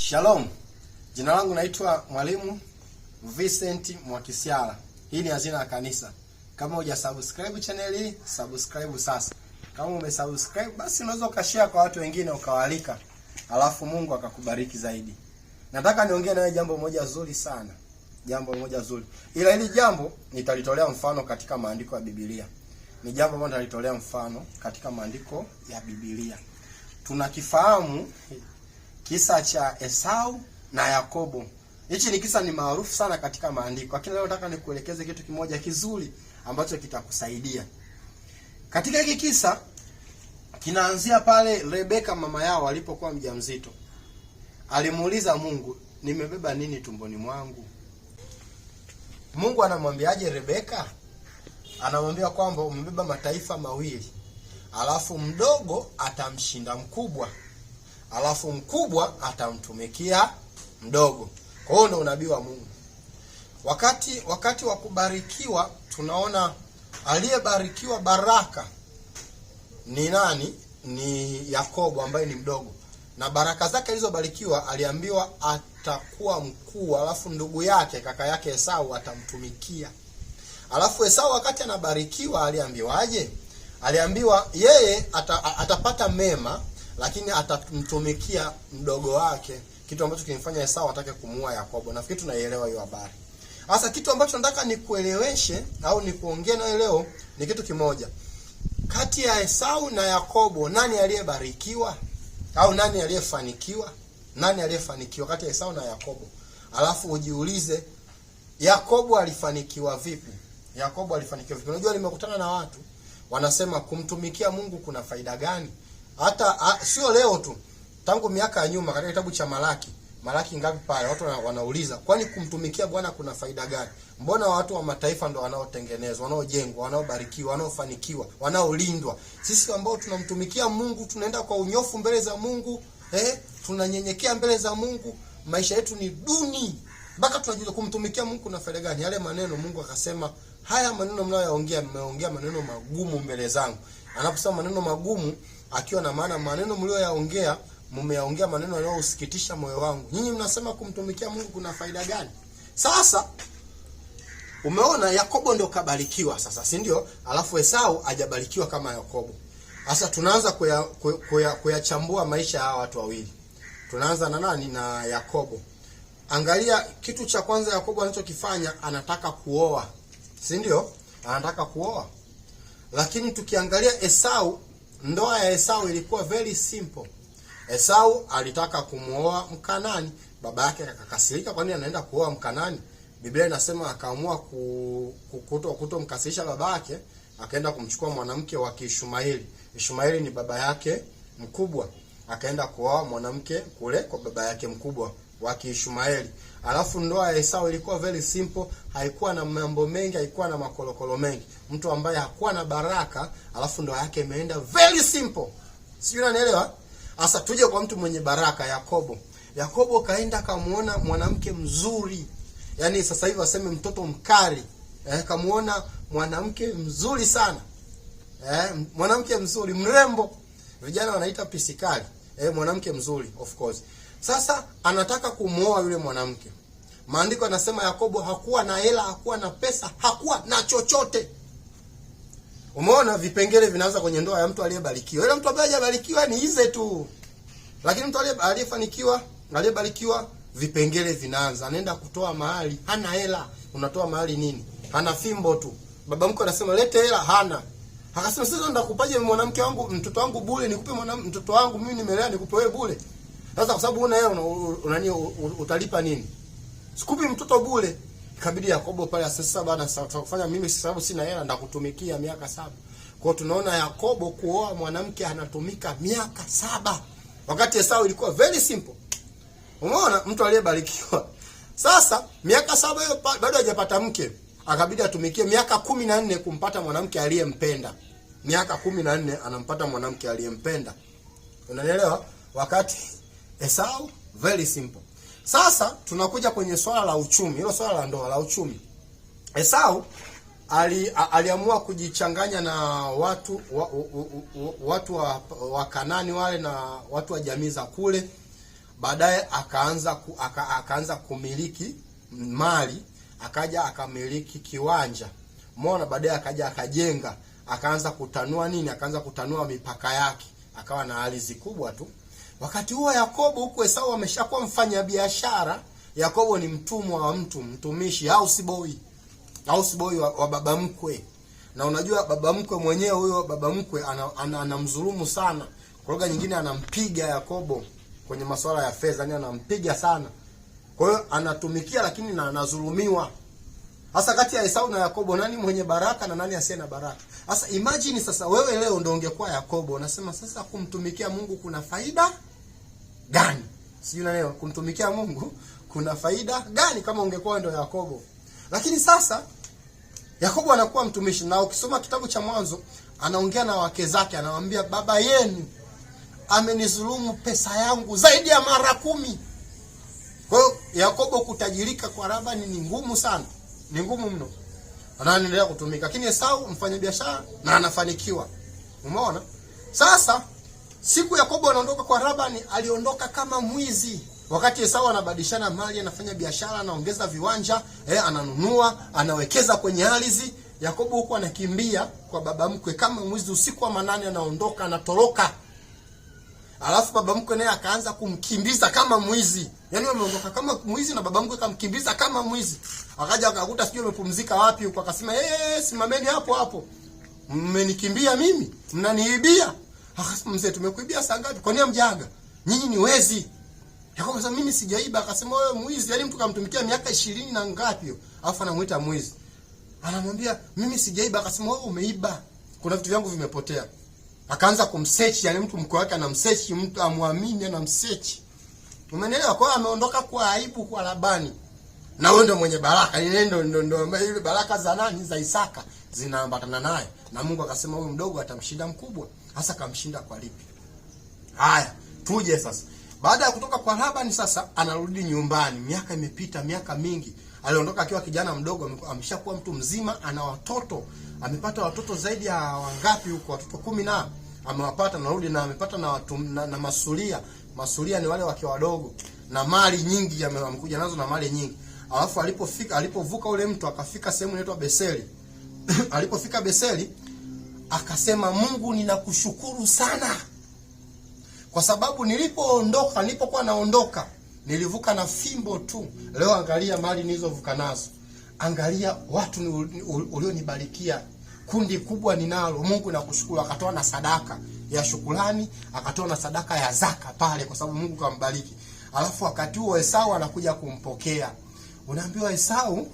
Shalom, jina langu naitwa Mwalimu Vincent Mwakisyala. Hii ni Hazina ya Kanisa. Kama uja subscribe channel hii, subscribe sasa. Kama umesubscribe, basi unaweza ukashare kwa watu wengine ukawaalika, alafu Mungu akakubariki zaidi. Nataka niongee nawe jambo moja zuri sana, jambo moja zuri, ila hili jambo nitalitolea mfano katika maandiko ya Biblia. Ni jambo ambalo nitalitolea mfano katika maandiko ya Biblia. Tunakifahamu kisa cha Esau na Yakobo. Hichi ni kisa ni maarufu sana katika maandiko, lakini leo nataka nikuelekeze kitu kimoja kizuri ambacho kitakusaidia katika hiki kisa. Kinaanzia pale Rebeka mama yao alipokuwa mjamzito, alimuuliza Mungu, nimebeba nini tumboni mwangu? Mungu anamwambiaje Rebeka? Anamwambia kwamba umebeba mataifa mawili, alafu mdogo atamshinda mkubwa alafu mkubwa atamtumikia mdogo. Kwa hiyo ndio unabii wa Mungu. Wakati wakati wa kubarikiwa, tunaona aliyebarikiwa baraka ni nani? Ni Yakobo ambaye ni mdogo, na baraka zake alizobarikiwa aliambiwa atakuwa mkuu, alafu ndugu yake kaka yake Esau atamtumikia. Alafu Esau wakati anabarikiwa aliambiwaje? Aliambiwa yeye ata, atapata mema lakini atamtumikia mdogo wake kitu ambacho kimfanya Esau atake kumuua Yakobo. Nafikiri tunaielewa hiyo habari. Sasa kitu ambacho nataka nikueleweshe au nikuongee nawe leo ni kitu kimoja. Kati ya Esau na Yakobo nani aliyebarikiwa? Au nani aliyefanikiwa? Nani aliyefanikiwa kati ya Esau na Yakobo? Alafu ujiulize Yakobo alifanikiwa vipi? Yakobo alifanikiwa vipi? Unajua nimekutana na watu wanasema kumtumikia Mungu kuna faida gani? hata a, ah, sio leo tu, tangu miaka ya nyuma, katika kitabu cha Malaki, Malaki ngapi pale, watu wanauliza, kwani kumtumikia Bwana kuna faida gani? Mbona watu wa mataifa ndo wanaotengenezwa, wanaojengwa, wanaobarikiwa, wanaofanikiwa, wanaolindwa? Sisi ambao tunamtumikia Mungu tunaenda kwa unyofu mbele za Mungu eh, tunanyenyekea mbele za Mungu, maisha yetu ni duni mpaka tunajua kumtumikia Mungu kuna faida gani. Yale maneno Mungu akasema, haya maneno mnayoyaongea, mmeongea maneno magumu mbele zangu. Anaposema maneno magumu akiwa na maana maneno mlioyaongea mmeyaongea maneno yanayosikitisha moyo wangu. Nyinyi mnasema kumtumikia Mungu kuna faida gani? Sasa umeona Yakobo ndio kabarikiwa sasa, si ndio? Alafu Esau hajabarikiwa kama Yakobo. Sasa tunaanza kuyachambua kuya, kuya maisha ya watu wawili. Tunaanza na nani? Na Yakobo. Angalia kitu cha kwanza Yakobo anachokifanya, anataka kuoa, si ndio? Anataka kuoa, lakini tukiangalia Esau Ndoa ya Esau ilikuwa very simple. Esau alitaka kumwoa Mkanani, baba yake akakasirika. Kwa nini anaenda kuoa Mkanani? Biblia inasema akaamua kukuto kutomkasirisha baba yake, akaenda kumchukua mwanamke wa Kiishmaeli. Ishmaeli ni baba yake mkubwa, akaenda kuoa mwanamke kule kwa baba yake mkubwa wa kiishumaeli Alafu ndoa ya Esau ilikuwa very simple, haikuwa na mambo mengi, haikuwa na makolokolo mengi. Mtu ambaye hakuwa na baraka, alafu ndoa yake imeenda very simple, sijui unanielewa? Sasa tuje kwa mtu mwenye baraka, Yakobo. Yakobo kaenda kamuona mwanamke mzuri, yaani sasa hivi waseme mtoto mkali eh, kamuona mwanamke mzuri sana eh, mwanamke mzuri mrembo, vijana wanaita pisikali eh, mwanamke mzuri of course sasa anataka kumwoa yule mwanamke. Maandiko yanasema Yakobo hakuwa na hela, hakuwa na pesa, hakuwa na chochote. Umeona vipengele vinaanza kwenye ndoa ya mtu aliyebarikiwa. Yule mtu ambaye hajabarikiwa ni ize tu. Lakini mtu aliyefanikiwa, aliyebarikiwa vipengele vinaanza. Anaenda kutoa mahali, hana hela. Unatoa mahali nini? Hana fimbo tu. Baba mko anasema lete hela, hana. Akasema sasa ndakupaje mwanamke wangu, mtoto wangu bure, nikupe mwanamke mtoto wangu mimi nimelea nikupe wewe bure. Sasa kwa sababu una hela unani utalipa nini? Sikupi mtoto bure. Ikabidi Yakobo pale asasa bana ya kufanya mimi sababu sina hela ndakutumikia miaka saba. Kwa tunaona Yakobo kuoa mwanamke anatumika miaka saba. Wakati Esau ilikuwa very simple. Umeona mtu aliyebarikiwa. Sasa miaka saba hiyo bado hajapata mke. Akabidi atumikie miaka kumi na nne kumpata mwanamke aliyempenda. Miaka kumi na nne anampata mwanamke aliyempenda. Unanielewa? Wakati Esau, very simple. Sasa tunakuja kwenye swala la uchumi, hilo swala la ndoa la uchumi. Esau ali, aliamua kujichanganya na watu wa, u, u, u, watu wa, wa Kanani wale na watu wa jamii za kule. Baadaye akaanza ku, aka, akaanza kumiliki mali, akaja akamiliki kiwanja. mona baadaye akaja akajenga, akaanza kutanua nini? Akaanza kutanua mipaka yake, akawa na ardhi kubwa tu. Wakati huo Yakobo huku Esau ameshakuwa mfanya biashara. Yakobo ni mtumwa wa mtu, mtumishi, house boy, house boy wa, wa baba mkwe. Na unajua baba mkwe mwenyewe huyo baba mkwe anamdhulumu ana, ana sana. Kwa lugha nyingine anampiga Yakobo kwenye masuala ya fedha, yani anampiga sana. Kwa hiyo anatumikia lakini na anadhulumiwa. Sasa kati ya Esau na Yakobo nani mwenye baraka na nani asiye na baraka? Sasa imagine sasa wewe leo ndio ungekuwa Yakobo, unasema sasa kumtumikia Mungu kuna faida gani? Sijui unaelewa, kumtumikia Mungu kuna faida gani kama ungekuwa ndio Yakobo? Lakini sasa Yakobo anakuwa mtumishi, na ukisoma kitabu cha Mwanzo anaongea na wake zake, anawaambia baba yenu amenizulumu pesa yangu zaidi ya mara kumi. Kwa hiyo Yakobo kutajirika kwa Labani ni ngumu sana, ni ngumu mno, anaendelea kutumika. Lakini Esau mfanyabiashara na anafanikiwa, umeona sasa Siku Yakobo anaondoka kwa Labani, aliondoka kama mwizi. Wakati Esau anabadilishana mali, anafanya biashara, anaongeza viwanja, eh, ananunua, anawekeza kwenye ardhi. Yakobo huko anakimbia kwa baba mkwe kama mwizi, usiku wa manane anaondoka, anatoroka. Alafu baba mkwe naye akaanza kumkimbiza kama mwizi. Yaani ameondoka kama mwizi na baba mkwe akamkimbiza kama mwizi. Akaja akakuta sijui amepumzika wapi huko akasema, "Eh, hey, eh, eh, simameni hapo hapo. Mmenikimbia mimi, mnaniibia." Akasema mzee, tumekuibia saa ngapi? Kwa nini mjaga? Nyinyi ni wezi. Yakobo sasa mimi sijaiba, akasema wewe mwizi. Yaani mtu kamtumikia miaka 20 na ngapi hiyo? Alafu anamuita mwizi. Anamwambia mimi sijaiba, akasema wewe umeiba. Kuna vitu vyangu vimepotea. Akaanza kumsearch, yani mtu mko wake anamsearch, mtu amwamini anamsearch. Umeelewa? Kwa ameondoka kwa aibu kwa Labani. Na wewe ndio mwenye baraka. Ile ndio ndio ndio ile baraka za nani za Isaka zinaambatana naye. Na Mungu akasema huyu mdogo atamshinda mkubwa hasa kamshinda kwa lipi? Haya, tuje sasa. Baada ya kutoka kwa Labani, sasa anarudi nyumbani. Miaka imepita, miaka mingi. Aliondoka akiwa kijana mdogo, ameshakuwa mtu mzima, ana watoto, amepata watoto zaidi ya wangapi huko, watoto kumi na amewapata. Narudi na amepata na, watu, na, na masulia. Masulia ni wale wake wadogo, na mali nyingi amekuja nazo, na mali nyingi. Alafu alipofika, alipovuka ule mto, akafika sehemu inaitwa Beseli. Alipofika Beseli akasema, Mungu ninakushukuru sana kwa sababu nilipoondoka, nilipokuwa naondoka nilivuka na fimbo tu. Leo angalia mali nilizovuka nazo, angalia watu ulionibarikia, kundi kubwa ninalo. Mungu nakushukuru. Akatoa na sadaka ya shukurani, akatoa na sadaka ya zaka pale, kwa sababu Mungu kambariki. Alafu wakati huo Esau anakuja kumpokea, unaambiwa Esau,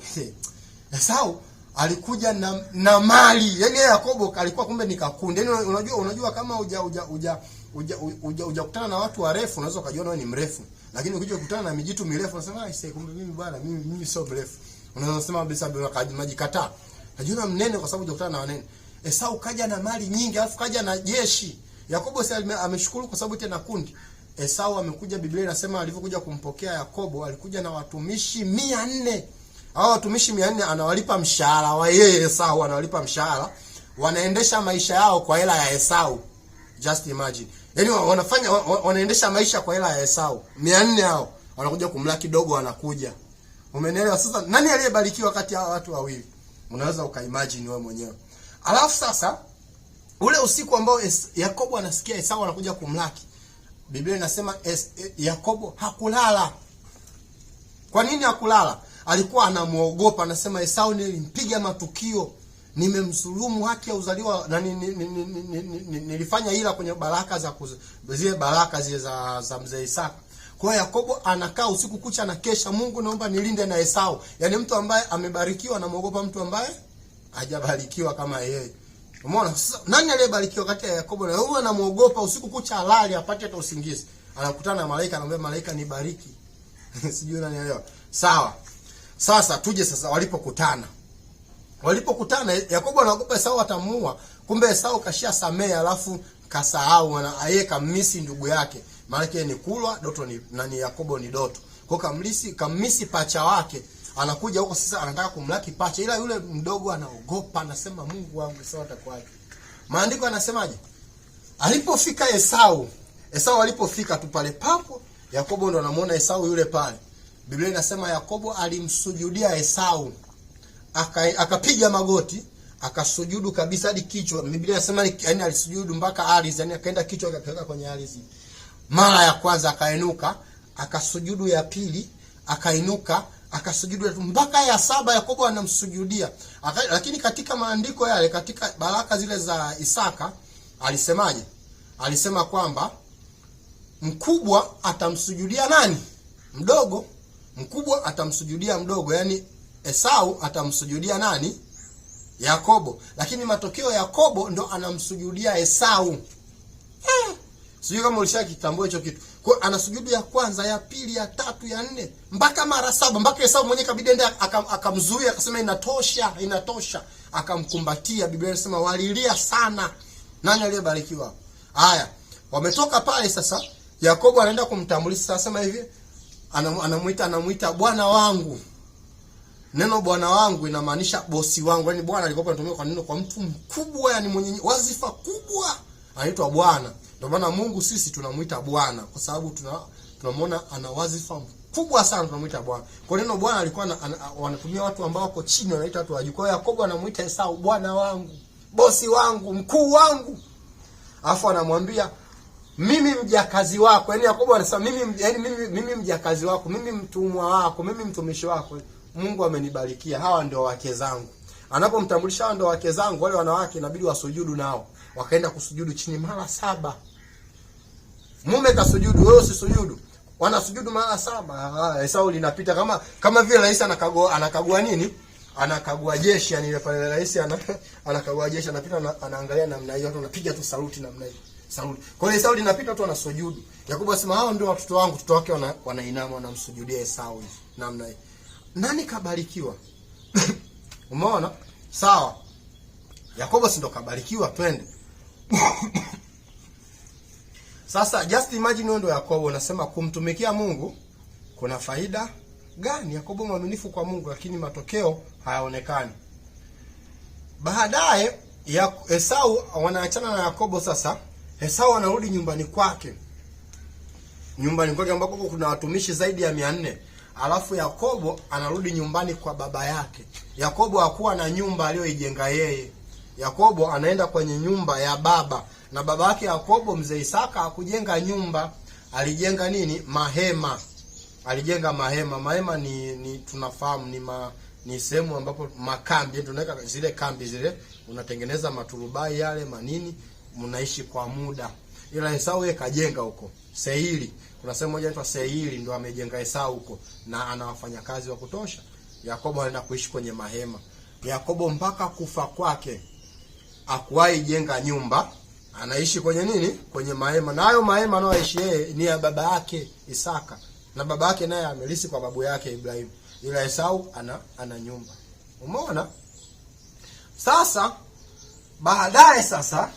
Esau alikuja na, na mali yani Yakobo alikuwa kumbe ni kakundi yani unajua unajua kama uja uja uja uja uja, uja kutana na watu warefu unaweza ukajiona wewe ni mrefu, lakini ukija kukutana na mijitu mirefu unasema ah, sasa kumbe mimi bwana mimi mimi sio mrefu. Unaweza kusema bila maji kata najiona mnene kwa sababu hujakutana na wanene. Esau kaja na mali nyingi, alafu kaja na jeshi. Yakobo si ameshukuru kwa sababu tena kundi. Esau amekuja, Biblia inasema alivyokuja kumpokea Yakobo alikuja na watumishi mia hao watumishi mia nne anawalipa mshahara wa yeye Esau, anawalipa mshahara, wanaendesha maisha yao kwa hela ya Esau. Just imagine, yaani wanafanya wanaendesha maisha kwa hela ya Esau. mia nne hao wanakuja kumlaki dogo, anakuja. Umenielewa? Sasa nani aliyebarikiwa kati ya watu wawili? Unaweza ukaimagine wewe mwenyewe. Alafu sasa ule usiku ambao Yakobo anasikia Esau anakuja kumlaki, Biblia inasema Yakobo hakulala. Kwa nini hakulala? alikuwa anamwogopa, anasema Esau nilimpiga matukio, nimemsulumu haki ya uzaliwa na nilifanya ila kwenye baraka za zile baraka zile za, za mzee Isaka. Kwa hiyo Yakobo anakaa usiku kucha na kesha, Mungu naomba nilinde na Esau. Yaani mtu ambaye amebarikiwa anamwogopa mtu ambaye hajabarikiwa kama yeye. Umeona? Nani aliyebarikiwa kati ya Yakobo na huyo anamuogopa usiku kucha alali apate hata usingizi. Anakutana na malaika anamwambia malaika nibariki. Sijui unanielewa. Sawa. Sasa tuje sasa, walipokutana walipokutana, Yakobo anaogopa Esau atamuua, kumbe Esau kashia samea, alafu kasahau na aye kamisi ndugu yake, Maana yake ni Kulwa Doto ni nani, Yakobo ni Doto kwa kamlisi kamisi pacha wake anakuja huko sasa, anataka kumlaki pacha, ila yule mdogo anaogopa, anasema Mungu wangu Esau atakwaje? Maandiko anasemaje? Alipofika Esau, Esau alipofika tu pale papo, Yakobo ndo anamuona Esau yule pale Biblia inasema Yakobo alimsujudia Esau, akapiga aka magoti akasujudu kabisa hadi kichwa. Biblia inasema yani alisujudu mpaka ardhi, yani akaenda kichwa akaweka kwenye ardhi. Mara ya kwanza akainuka, akasujudu ya pili, akainuka akasujudu mpaka ya saba, Yakobo anamsujudia. Lakini katika maandiko yale, katika baraka zile za Isaka alisemaje? Alisema kwamba mkubwa atamsujudia nani mdogo mkubwa atamsujudia mdogo, yani Esau atamsujudia nani? Yakobo. Lakini matokeo Yakobo ndo anamsujudia Esau. Hmm. Sijui kama ulishakitambua hicho kitu. Kwa anasujudu ya kwanza, ya pili, ya tatu, ya nne, mpaka mara saba, mpaka Esau mwenyewe kabidi ende akamzuia, akasema inatosha, inatosha, akamkumbatia. Biblia inasema walilia sana. Nani aliyebarikiwa? Haya, wametoka pale sasa, Yakobo anaenda kumtambulisha, sasa sema hivi anamwita anamwita bwana wangu. Neno bwana wangu inamaanisha bosi wangu, yani bwana alikuwa anatumia kwa neno kwa mtu mkubwa, yani mwenye wazifa kubwa anaitwa bwana. Ndio maana Mungu sisi tunamwita bwana kwa sababu tuna tunamwona ana wazifa kubwa sana, tunamwita bwana. Kwa neno bwana alikuwa na, an, wanatumia watu ambao wako chini, wanaita watu wajuu. Kwa hiyo Yakobo anamwita Esau bwana wangu, bosi wangu, mkuu wangu, afu anamwambia mimi mjakazi wako, yani Yakobo anasema mimi, yani mimi, mimi mjakazi wako, mimi mtumwa wako, mimi mtumishi wako, Mungu amenibarikia, hawa ndio wake zangu. Anapomtambulisha hawa ndio wake zangu, wale wanawake inabidi wasujudu nao, wakaenda kusujudu chini mara saba. Mume kasujudu, wewe usisujudu, wanasujudu mara saba. Ah, Esau linapita kama kama vile rais anakagua, anakagua nini anakagua jeshi, yani ile pale rais anakagua jeshi, anapita anaangalia namna hiyo, watu wanapiga tu saluti namna hiyo. Sauli. Kwa hiyo Sauli inapita tu anasujudu. Yakobo asema hao ndio watoto wangu, watoto wake wana, wanainama wanamsujudia Esau namna hii. Nani kabarikiwa? Umeona? Sawa. Yakobo si ndo kabarikiwa twende. Sasa just imagine wewe ndo Yakobo unasema kumtumikia Mungu kuna faida gani? Yakobo mwaminifu kwa Mungu lakini matokeo hayaonekani. Baadaye Esau wanaachana na Yakobo sasa Esau eh, anarudi nyumbani kwake, nyumbani kwake ambako kuna watumishi zaidi ya mia nne. Alafu Yakobo anarudi nyumbani kwa baba yake. Yakobo hakuwa na nyumba aliyoijenga yeye. Yakobo anaenda kwenye nyumba ya baba, na baba yake Yakobo mzee Isaka hakujenga nyumba, alijenga nini? Mahema. Alijenga mahema. Mahema ni, ni tunafahamu ni ma, ni sehemu ambapo makambi tunaweka zile kambi zile, unatengeneza maturubai yale manini mnaishi kwa muda, ila Esau yeye kajenga huko Seiri. Kuna sehemu moja inaitwa Seiri, ndio amejenga Esau huko, na ana wafanyakazi wa kutosha. Yakobo anaenda kuishi kwenye mahema. Yakobo mpaka kufa kwake akuwahi jenga nyumba, anaishi kwenye nini? Kwenye mahema, na hayo mahema anayoishi yeye ni ya baba yake Isaka, na baba yake naye amelisi kwa babu yake Ibrahim, ila Esau ana ana nyumba. Umeona sasa, baadaye sasa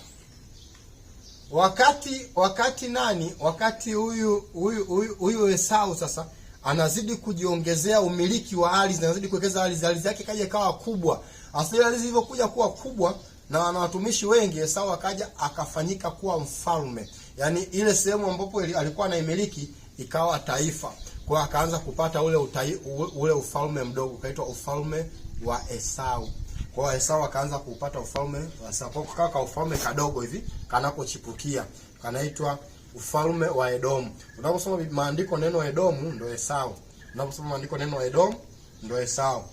wakati wakati nani, wakati huyu huyu huyu Esau sasa anazidi kujiongezea umiliki wa ardhi, anazidi kuwekeza ardhi, ardhi yake kaja ikawa kubwa. Asili ardhi ilivyokuja kuwa kubwa na ana watumishi wengi, Esau akaja akafanyika kuwa mfalme, yaani ile sehemu ambapo alikuwa anaimiliki ikawa taifa. Kwa akaanza kupata ule utai, ule ufalme mdogo ukaitwa ufalme wa Esau. Kwa hiyo Esau akaanza kupata ufalme wa Esau, kukawa ufalme kadogo hivi kanapochipukia, kanaitwa ufalme wa Edomu. Unaposoma maandiko neno Edomu ndio Esau. Unaposoma maandiko neno Edomu ndio Esau.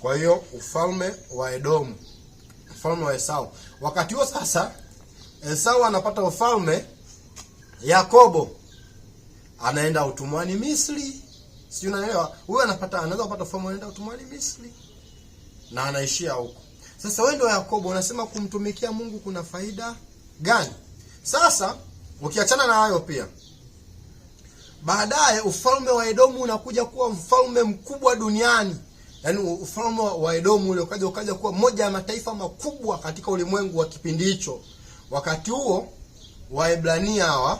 Kwa hiyo ufalme wa Edomu, ufalme wa Esau. Wakati huo sasa Esau anapata ufalme, Yakobo anaenda utumwani Misri. Si unaelewa? Huyu anapata anaweza kupata ufalme anaenda utumwani Misri na anaishia huko. Sasa wewe ndio Yakobo unasema kumtumikia Mungu kuna faida gani? Sasa ukiachana na hayo pia, baadaye ufalme wa Edomu unakuja kuwa mfalme mkubwa duniani. Yaani ufalme wa Edomu ule ukaja ukaja kuwa moja ya mataifa makubwa katika ulimwengu wa kipindi hicho. Wakati huo Waebrania hawa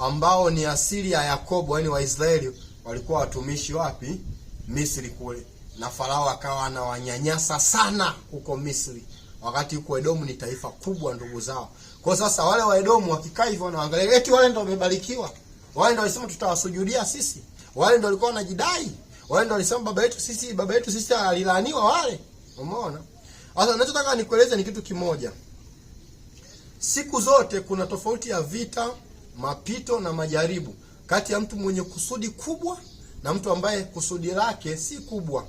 ambao ni asili ya Yakobo, yaani Waisraeli walikuwa watumishi wapi? Misri kule na Farao akawa anawanyanyasa sana huko Misri, wakati huko Edomu ni taifa kubwa ndugu zao. Kwa sasa wale wa Edomu wakikaa hivyo wanaangalia, eti wale ndio wamebarikiwa, wale ndio walisema tutawasujudia sisi, wale ndio walikuwa wanajidai, wale ndio walisema baba yetu sisi, baba yetu sisi alilaaniwa wale. Umeona? Sasa ninachotaka nikueleze ni kitu kimoja. Siku zote kuna tofauti ya vita, mapito na majaribu kati ya mtu mwenye kusudi kubwa na mtu ambaye kusudi lake si kubwa.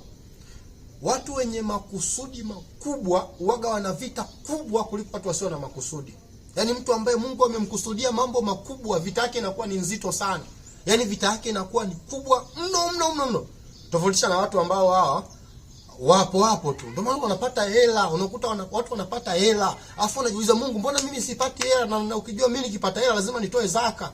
Watu wenye makusudi makubwa waga wana vita kubwa kuliko watu wasio na makusudi. Yaani mtu ambaye Mungu amemkusudia mambo makubwa, vita yake inakuwa ni nzito sana. Yaani vita yake inakuwa ni kubwa mno mno mno mno. Tofautisha na watu ambao hawa wapo hapo tu. Ndio maana wanapata hela, unakuta watu wanapata hela. Alafu unajiuliza Mungu, mbona mimi sipati hela? Na ukijua mimi nikipata hela lazima nitoe zaka.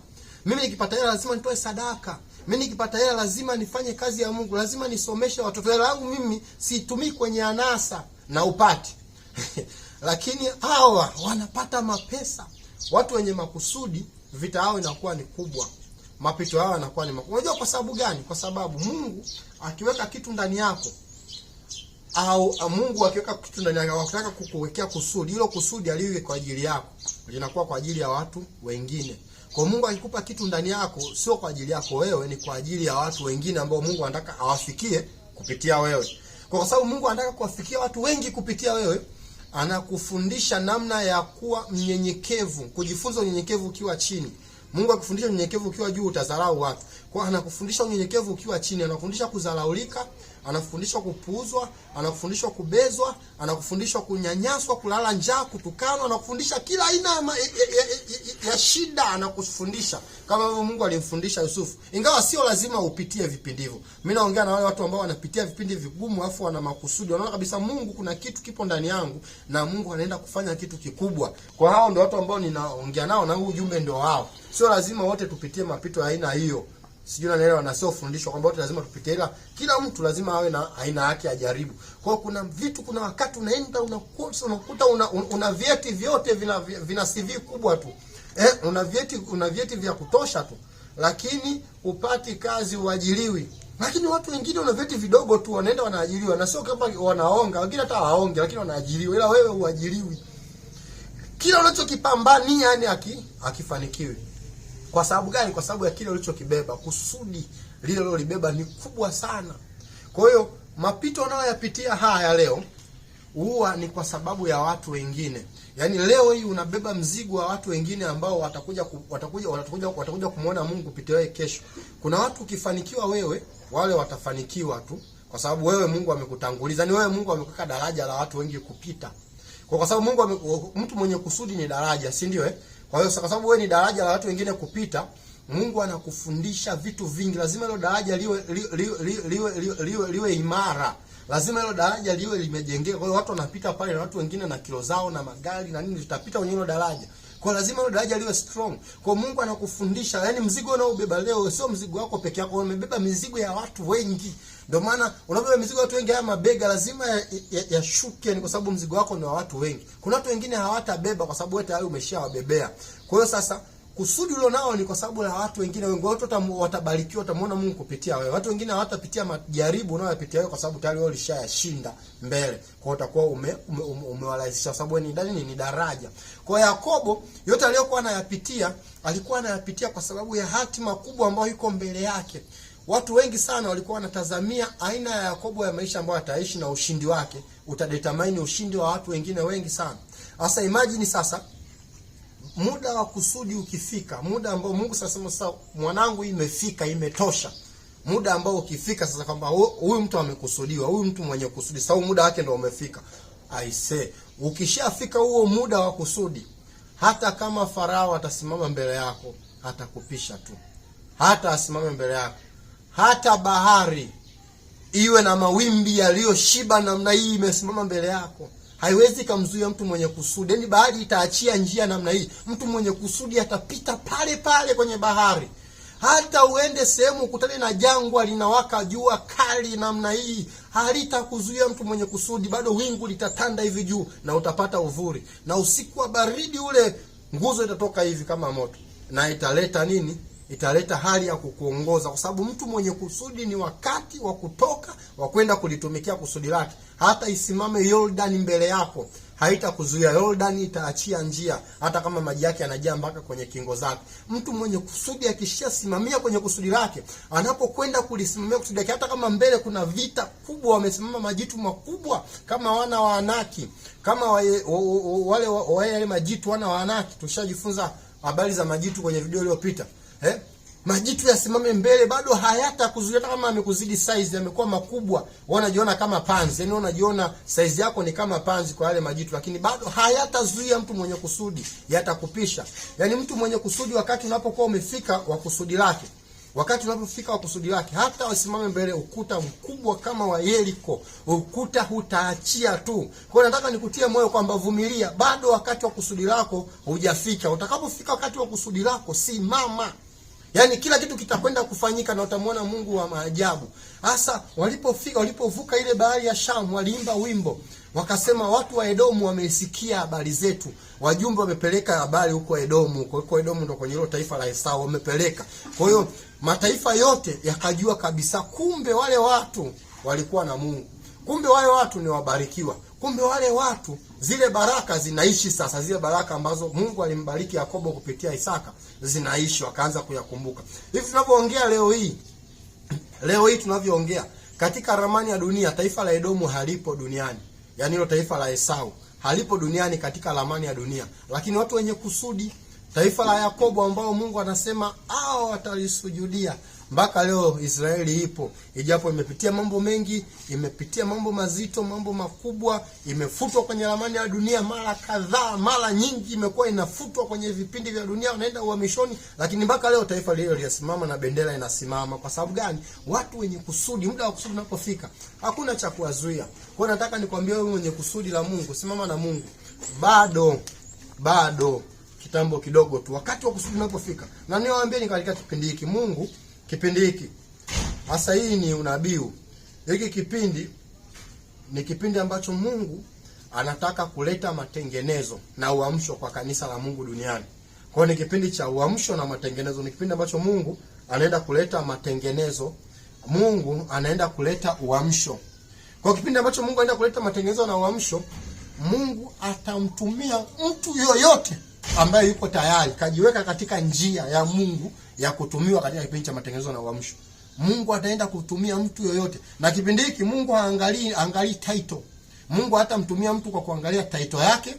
Mimi nikipata hela lazima nitoe sadaka mi nikipata hela lazima nifanye kazi ya Mungu, lazima nisomeshe watoto. Hela yangu mimi siitumii kwenye anasa na upati lakini hawa wanapata mapesa. Watu wenye makusudi, vita yao inakuwa ni kubwa, mapito yao yanakuwa ni makubwa. Unajua kwa sababu gani? Kwa sababu Mungu akiweka kitu ndani yako au Mungu akiweka kitu ndani yako akitaka kukuwekea kusudi, hilo kusudi aliwe kwa ajili yako, linakuwa kwa ajili ya watu wengine. Kwa Mungu akikupa kitu ndani yako, sio kwa ajili yako wewe, ni kwa ajili ya watu wengine ambao Mungu anataka awafikie kupitia wewe. Kwa sababu Mungu anataka kuwafikia watu wengi kupitia wewe, anakufundisha namna ya kuwa mnyenyekevu, kujifunza unyenyekevu ukiwa chini. Mungu akufundisha unyenyekevu ukiwa juu utadharau watu. Kwa anakufundisha unyenyekevu ukiwa chini, anakufundisha kudharaulika anafundishwa kupuuzwa, anafundishwa kubezwa, anafundishwa kunyanyaswa, kulala njaa, kutukanwa, anakufundisha kila aina ya, ya, ya, ya shida anakufundisha, kama hivyo Mungu alimfundisha Yusufu, ingawa sio lazima upitie vipindi hivyo. Mimi naongea na wale watu ambao wanapitia vipindi vigumu, afu wana makusudi, wanaona kabisa Mungu kuna kitu kipo ndani yangu na Mungu anaenda kufanya kitu kikubwa. Kwa hao ndio watu ambao ninaongea nao na huu ujumbe ndio wao. Sio lazima wote tupitie mapito ya aina hiyo sijui unanielewa, na sio fundisho kwamba wote lazima tupite hela. kila mtu lazima awe na aina yake ajaribu. Kwa hiyo kuna vitu, kuna wakati unaenda una course unakuta una, una vyeti vyote vina vina CV kubwa tu eh, una vyeti una vyeti vya kutosha tu, lakini upati kazi, uajiriwi. Lakini watu wengine una vyeti vidogo tu wanaenda wanaajiriwa, na sio kama wanaonga, wengine hata waonge, lakini wanaajiriwa, ila wewe uajiriwi. Kila unachokipambania yani akifanikiwi kwa sababu gani? Kwa sababu ya kile ulichokibeba. Kusudi lile ulilobeba ni kubwa sana. Kwa hiyo mapito unayoyapitia haya leo huwa ni kwa sababu ya watu wengine. Yaani leo hii unabeba mzigo wa watu wengine ambao watakuja ku, watakuja watakuja watakuja kumuona Mungu kupitia wewe kesho. Kuna watu ukifanikiwa wewe, wale watafanikiwa tu kwa sababu wewe Mungu amekutanguliza. Ni yaani, wewe Mungu amekuweka daraja la watu wengi kupita. Kwa, kwa sababu Mungu ame, mtu mwenye kusudi ni daraja, si ndio eh? Kwa hiyo kwa sababu wewe ni daraja la watu wengine kupita, Mungu anakufundisha vitu vingi. Lazima hilo daraja liwe liwe liwe, liwe, liwe, liwe, liwe imara. Lazima hilo daraja liwe limejengeka. Kwa hiyo watu wanapita pale na watu wengine na kilo zao na magari na nini zitapita kwenye hilo daraja. Kwa lazima hilo daraja liwe strong. Kwa Mungu anakufundisha, yaani mzigo unaobeba leo sio mzigo wako peke yako, umebeba mizigo ya watu wengi. Ndio maana unabeba mizigo watu wengi, haya mabega lazima yashuke, ya, ya ni kwa sababu mzigo wako ni wa watu wengi. Kuna watu wengine hawatabeba kwa sababu wewe tayari umeshawabebea. Kwa hiyo sasa kusudi ulio nao ni kwa sababu ya watu wengine wengi. Watu watabarikiwa, watamwona Mungu kupitia wewe. Watu wengine hawatapitia majaribu unayopitia wewe, kwa sababu tayari wewe ulishayashinda mbele. Kwa utakuwa umewalahisisha ume, ume, ume kwa sababu ni ndani ni daraja. Kwa Yakobo yote aliyokuwa anayapitia alikuwa anayapitia kwa sababu ya hatima kubwa ambayo iko mbele yake. Watu wengi sana walikuwa wanatazamia aina ya Yakobo ya maisha ambayo ataishi na ushindi wake utadetermine ushindi wa watu wengine wengi sana. Sasa imagine sasa muda wa kusudi ukifika, muda ambao Mungu sasema sasa, mwanangu, imefika imetosha. Muda ambao ukifika sasa kwamba huyu mtu amekusudiwa, huyu mtu mwenye kusudi, sasa muda wake ndio umefika. I say, ukishafika huo muda wa kusudi, hata kama Farao atasimama mbele yako, atakupisha tu, hata asimame mbele yako hata bahari iwe na mawimbi yaliyoshiba namna hii, imesimama mbele yako, haiwezi kamzuia mtu mwenye kusudi. Yaani bahari itaachia njia namna hii, mtu mwenye kusudi atapita pale pale kwenye bahari. Hata uende sehemu ukutane na jangwa linawaka jua kali namna hii, halitakuzuia mtu mwenye kusudi. Bado wingu litatanda hivi juu na utapata uvuri, na usiku wa baridi ule nguzo itatoka hivi kama moto na italeta nini? italeta hali ya kukuongoza, kwa sababu mtu mwenye kusudi ni wakati wa kutoka wa kwenda kulitumikia kusudi lake. Hata isimame Yordani mbele yako, haitakuzuia Yordani, itaachia njia, hata kama maji yake yanajaa mpaka kwenye kingo zake. Mtu mwenye kusudi akishasimamia kwenye kusudi lake, anapokwenda kulisimamia kusudi lake, hata kama mbele kuna vita kubwa, wamesimama majitu makubwa kama wana wa Anaki, kama wale wale majitu wana wa Anaki. Tushajifunza habari za majitu kwenye video iliyopita eh? majitu yasimame mbele, bado hayatakuzuia hata kama amekuzidi size, yamekuwa makubwa, wanajiona kama panzi, yani unajiona size yako ni kama panzi kwa yale majitu, lakini bado hayatazuia mtu mwenye kusudi, yatakupisha. Yani mtu mwenye kusudi, wakati unapokuwa umefika wa kusudi lake, wakati unapofika wa kusudi lake, hata wasimame mbele ukuta mkubwa kama wa Yeriko, ukuta hutaachia tu. Kwa hiyo nataka nikutie moyo kwamba vumilia, bado wakati wa kusudi lako hujafika. Utakapofika wakati wa kusudi lako, simama. Yaani kila kitu kitakwenda kufanyika na utamwona Mungu wa maajabu. Hasa walipofika walipovuka ile bahari ya Shamu waliimba wimbo. Wakasema watu wa Edomu wamesikia habari zetu. Wajumbe wamepeleka habari huko Edomu, huko Edomu ndo kwenye hilo taifa la Esau wamepeleka. Kwa hiyo mataifa yote yakajua kabisa kumbe wale watu walikuwa na Mungu. Kumbe wale watu ni wabarikiwa. Kumbe wale watu, zile baraka zinaishi sasa, zile baraka ambazo Mungu alimbariki Yakobo kupitia Isaka zinaishi, wakaanza kuyakumbuka. Hivi tunavyoongea leo hii, leo hii tunavyoongea, katika ramani ya dunia taifa la Edomu halipo duniani, yaani hilo taifa la Esau halipo duniani katika ramani ya dunia, lakini watu wenye kusudi, taifa la Yakobo ambao Mungu anasema hao watalisujudia mpaka leo Israeli ipo, ijapo imepitia mambo mengi, imepitia mambo mazito, mambo makubwa, imefutwa kwenye ramani ya dunia mara kadhaa, mara nyingi imekuwa inafutwa kwenye vipindi vya dunia, wanaenda uhamishoni, lakini mpaka leo taifa lile linasimama na bendera inasimama. Kwa sababu gani? Watu wenye kusudi, muda wa kusudi unapofika, hakuna cha kuwazuia. Kwa hiyo nataka nikwambie wewe mwenye kusudi la Mungu, simama na Mungu. Bado bado kitambo kidogo tu, wakati wa kusudi unapofika, na niwaambie ni katika kipindi hiki Mungu kipindi hiki hasa, hii ni unabii. Hiki kipindi ni kipindi ambacho Mungu anataka kuleta matengenezo na uamsho kwa kanisa la Mungu duniani. Kwa ni kipindi cha uamsho na matengenezo, ni kipindi ambacho Mungu anaenda kuleta matengenezo, Mungu anaenda kuleta uamsho. Kwa kipindi ambacho Mungu anaenda kuleta matengenezo na uamsho, Mungu atamtumia mtu yoyote ambaye yuko tayari kajiweka katika njia ya Mungu ya kutumiwa katika kipindi cha matengenezo na uamsho. Mungu ataenda kutumia mtu yoyote, na kipindi hiki Mungu haangalii angalii title. Mungu hatamtumia mtu kwa kuangalia title yake.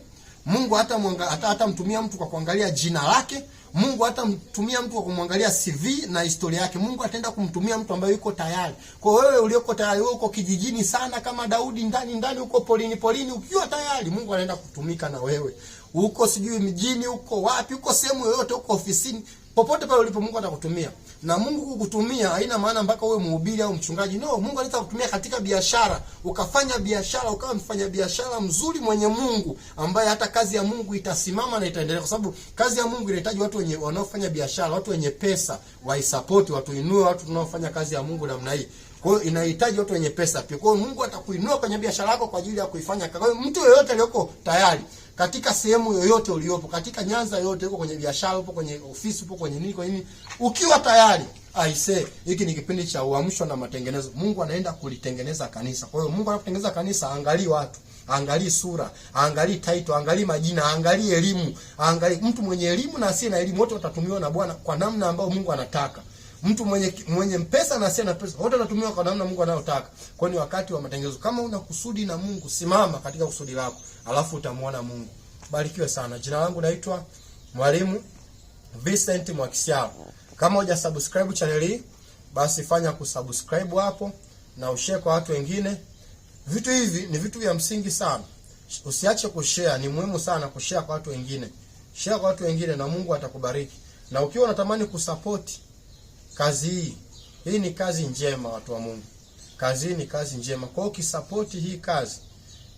Mungu hatamtumia mtu kwa kuangalia jina lake. Mungu hatamtumia mtu kwa kumwangalia CV na historia yake. Mungu ataenda kumtumia mtu ambaye yuko tayari. Kwa wewe ulioko tayari, wewe uko kijijini sana kama Daudi, ndani ndani, uko polini polini, ukiwa tayari, Mungu anaenda kutumika na wewe. Uko sijui mjini, uko wapi, uko sehemu yoyote, uko ofisini, Popote pale ulipo Mungu atakutumia. Na Mungu kukutumia haina maana mpaka uwe mhubiri au mchungaji. No, Mungu anaweza kukutumia katika biashara, ukafanya biashara, ukawa mfanya biashara mzuri mwenye Mungu ambaye hata kazi ya Mungu itasimama na itaendelea kwa sababu kazi ya Mungu inahitaji watu wenye wanaofanya biashara, watu wenye pesa, waisupport, watu inue watu tunaofanya kazi ya Mungu namna hii. Kwa hiyo inahitaji watu wenye pesa pia. Kwa hiyo Mungu atakuinua kwenye biashara yako kwa ajili ya kuifanya. Kwa hiyo mtu yeyote aliyoko tayari katika sehemu yoyote uliopo, katika nyanza yoyote, uko kwenye biashara, upo kwenye ofisi, upo kwenye nini, kwenye nini, ukiwa tayari aise, hiki ni kipindi cha uamsho na matengenezo. Mungu anaenda kulitengeneza kanisa. Kwa hiyo Mungu anapotengeneza kanisa, angalii watu, angalii sura, angalii title, angalii majina, angalii elimu, angalii mtu mwenye elimu na asiye na elimu, wote watatumiwa na Bwana kwa namna ambayo Mungu anataka. Mtu mwenye mwenye mpesa na asiye na pesa wote wanatumiwa kwa namna Mungu anayotaka. Kwa ni wakati wa matengenezo. Kama una kusudi na Mungu, simama katika kusudi lako, alafu utamwona Mungu. Barikiwe sana. Jina langu naitwa Mwalimu Vincent Mwakisyala. Kama huja subscribe channel hii, basi fanya kusubscribe hapo na ushare kwa watu wengine. Vitu hivi ni vitu vya msingi sana. Usiache kushare, ni muhimu sana kushare kwa watu wengine. Share kwa watu wengine na Mungu atakubariki. Na ukiwa unatamani kusupport kazi hii. Hii ni kazi njema, watu wa Mungu, kazi hii ni kazi njema. Kwa hiyo ukisapoti hii kazi,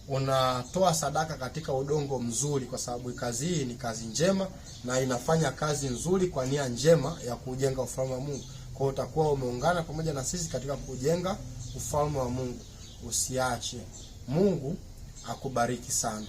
unatoa sadaka katika udongo mzuri, kwa sababu kazi hii ni kazi njema na inafanya kazi nzuri kwa nia njema ya kujenga ufalme wa Mungu. Kwa hiyo utakuwa umeungana pamoja na sisi katika kujenga ufalme wa Mungu. Usiache. Mungu akubariki sana.